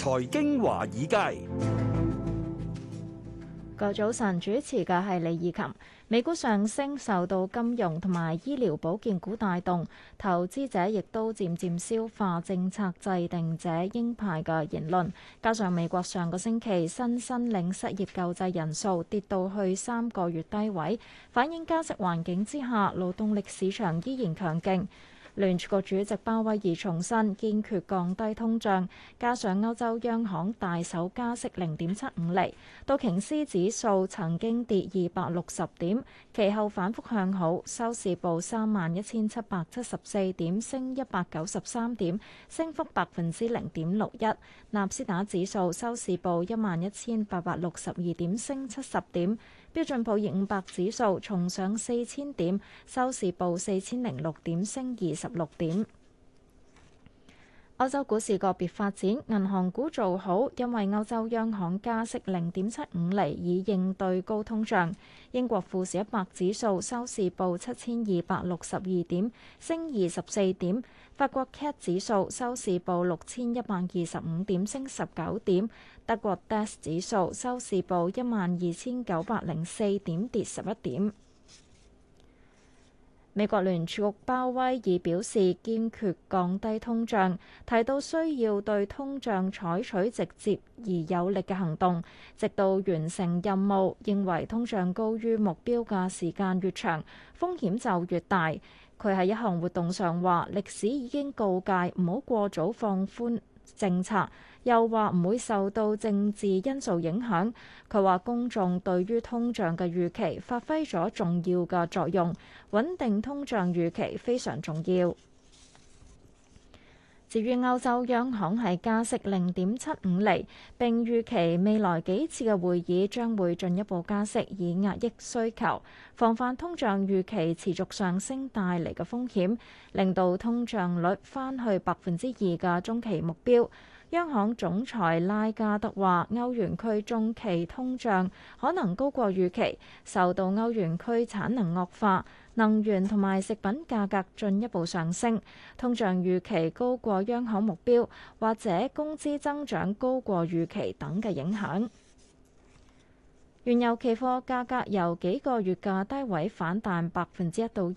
財經華爾街。個早晨主持嘅係李怡琴。美股上升受到金融同埋醫療保健股帶動，投資者亦都漸漸消化政策制定者鷹派嘅言論。加上美國上個星期新申領失業救濟人數跌到去三個月低位，反映加息環境之下勞動力市場依然強勁。聯儲局主席鮑威爾重申堅決降低通脹，加上歐洲央行大手加息零點七五厘，道瓊斯指數曾經跌二百六十點，其後反覆向好，收市報三萬一千七百七十四點，升一百九十三點，升幅百分之零點六一。納斯達指數收市報一萬一千八百六十二點，升七十點。標準普爾五百指數重上四千點，收市報四千零六點，升二十六點。歐洲股市個別發展，銀行股做好，因為歐洲央行加息零點七五厘以應對高通脹。英國富時一百指數收市報七千二百六十二點，升二十四點。法國 CAC 指數收市報六千一百二十五點，升十九點。德國 DAX 指數收市報一萬二千九百零四點，跌十一點。美國聯儲局鮑威爾表示堅決降低通脹，提到需要對通脹採取直接而有力嘅行動，直到完成任務。認為通脹高於目標嘅時間越長，風險就越大。佢喺一項活動上話，歷史已經告誡唔好過早放寬政策。又話唔會受到政治因素影響。佢話，公眾對於通脹嘅預期發揮咗重要嘅作用，穩定通脹預期非常重要。至於歐洲央行係加息零點七五厘，並預期未來幾次嘅會議將會進一步加息，以壓抑需求，防範通脹預期持續上升帶嚟嘅風險，令到通脹率返去百分之二嘅中期目標。央行總裁拉加德話：歐元區中期通脹可能高過預期，受到歐元區產能惡化、能源同埋食品價格進一步上升、通脹預期高過央行目標或者工資增長高過預期等嘅影響。原油期貨價格由幾個月嘅低位反彈百分之一到二，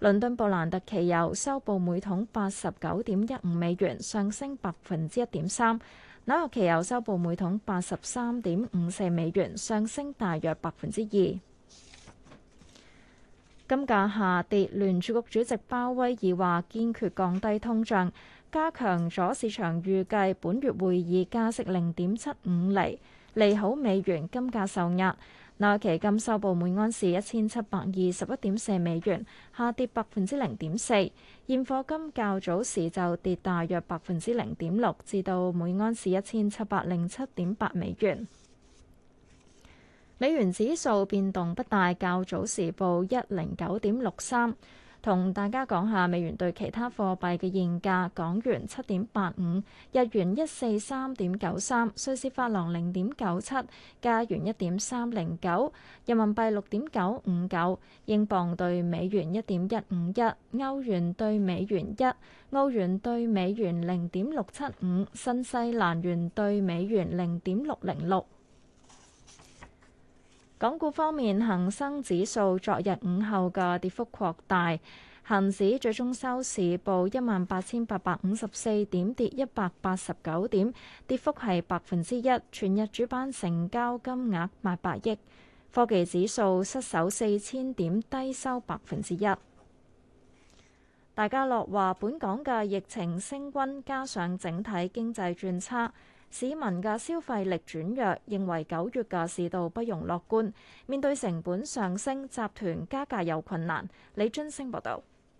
倫敦布蘭特期油收報每桶八十九點一五美元，上升百分之一點三；紐約期油收報每桶八十三點五四美元，上升大約百分之二。金價下跌，聯儲局主席鮑威爾話堅決降低通脹，加強咗市場預計本月會議加息零點七五厘。利好美元，金價受壓。那期金收報每安士一千七百二十一點四美元，下跌百分之零點四。現貨金較早時就跌大約百分之零點六，至到每安士一千七百零七點八美元。美元指數變動不大，較早時報一零九點六三。同大家講下美元對其他貨幣嘅現價：港元七點八五，日元一四三點九三，瑞士法郎零點九七，加元一點三零九，人民幣六點九五九，英鎊對美元一點一五一，歐元對美元一，歐元對美元零點六七五，新西蘭元對美元零點六零六。港股方面，恒生指數昨日午後嘅跌幅擴大，恒指最終收市報一萬八千八百五十四點，跌一百八十九點，跌幅係百分之一。全日主板成交金額八百億。科技指數失守四千點低收百分之一。大家樂話本港嘅疫情升溫加上整體經濟轉差。市民嘅消費力轉弱，認為九月嘅市道不容樂觀。面對成本上升，集團加價有困難。李津星報導。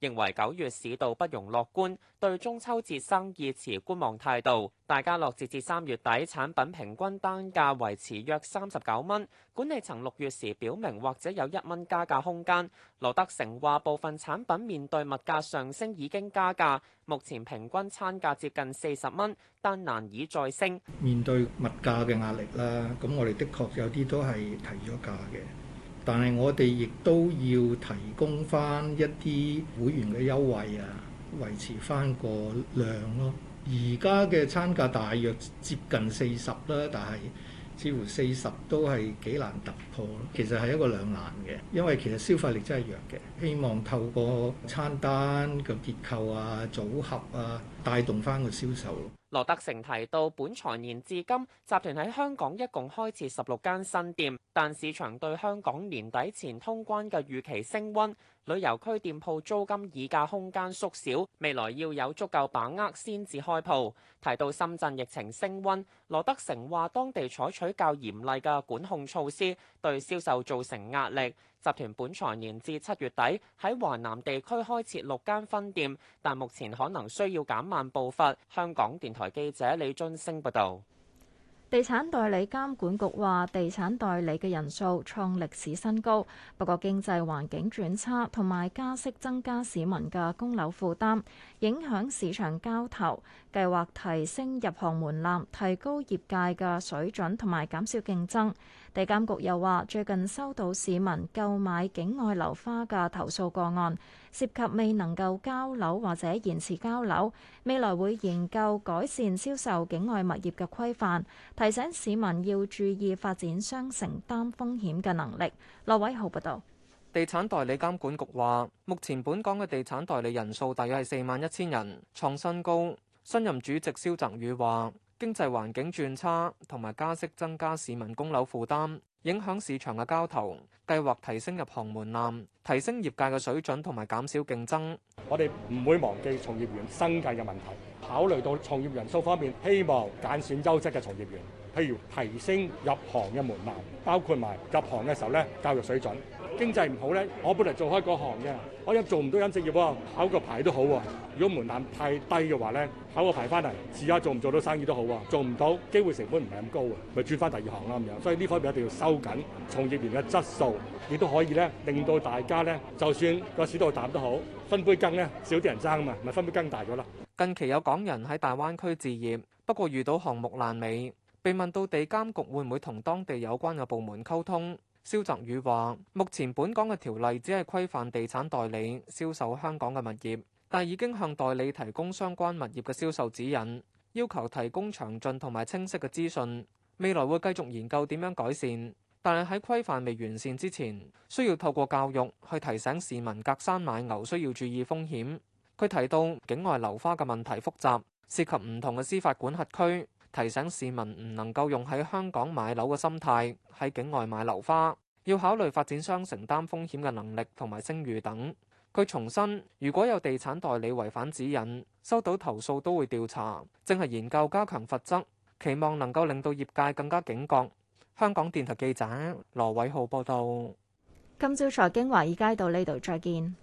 認為九月市道不容樂觀，對中秋節生意持觀望態度。大家樂截至三月底產品平均單價維持約三十九蚊，管理層六月時表明或者有一蚊加價空間。羅德成話，部分產品面對物價上升已經加價，目前平均餐價接近四十蚊，但難以再升。面對物價嘅壓力啦，咁我哋的確有啲都係提咗價嘅。但係我哋亦都要提供翻一啲會員嘅優惠啊，維持翻個量咯、啊。而家嘅餐價大約接近四十啦，但係似乎四十都係幾難突破。其實係一個兩難嘅，因為其實消費力真係弱嘅。希望透過餐單嘅結構啊、組合啊，帶動翻個銷售。羅德成提到，本財年至今，集團喺香港一共開設十六間新店，但市場對香港年底前通關嘅預期升温。旅遊區店鋪租金議價空間縮小，未來要有足夠把握先至開鋪。提到深圳疫情升溫，羅德成話當地採取較嚴厲嘅管控措施，對銷售造成壓力。集團本財年至七月底喺華南地區開設六間分店，但目前可能需要減慢步伐。香港電台記者李津升報道。地產代理監管局話，地產代理嘅人數創歷史新高，不過經濟環境轉差，同埋加息增加市民嘅供樓負擔，影響市場交投。計劃提升入行門檻，提高業界嘅水準，同埋減少競爭。地監局又話，最近收到市民購買境外樓花嘅投訴個案。涉及未能夠交樓或者延遲交樓，未來會研究改善銷售境外物業嘅規範，提醒市民要注意發展商承擔風險嘅能力。羅偉豪報道。地產代理監管局話，目前本港嘅地產代理人數大約係四萬一千人，創新高。新任主席蕭澤宇話，經濟環境轉差，同埋加息增加市民供樓負擔。影響市場嘅交投，計劃提升入行門檻，提升業界嘅水準同埋減少競爭。我哋唔會忘記從業員生計嘅問題，考慮到從業人數方面，希望揀選優質嘅從業員，譬如提升入行嘅門檻，包括埋入行嘅時候咧教育水準。經濟唔好咧，我本嚟做開嗰行嘅，我又做唔到飲食業喎，考個牌都好喎。如果門檻太低嘅話咧，考個牌翻嚟試下做唔做到生意都好喎。做唔到，機會成本唔係咁高啊，咪轉翻第二行啦咁樣。所以呢方面一定要收緊從業員嘅質素，亦都可以咧令到大家咧，就算個市道淡都好，分杯羹咧少啲人爭啊嘛，咪分杯羹大咗啦。近期有港人喺大灣區置業，不過遇到項目爛尾，被問到地監局會唔會同當地有關嘅部門溝通？肖澤宇話：目前本港嘅條例只係規範地產代理銷售香港嘅物業，但已經向代理提供相關物業嘅銷售指引，要求提供詳盡同埋清晰嘅資訊。未來會繼續研究點樣改善，但係喺規範未完善之前，需要透過教育去提醒市民隔山買牛需要注意風險。佢提到境外流花嘅問題複雜，涉及唔同嘅司法管轄區。提醒市民唔能夠用喺香港買樓嘅心態，喺境外買樓花，要考慮發展商承擔風險嘅能力同埋聲譽等。佢重申，如果有地產代理違反指引，收到投訴都會調查，正係研究加強罰則，期望能夠令到業界更加警覺。香港電台記者羅偉浩報道。今朝財經華爾街到呢度，再見。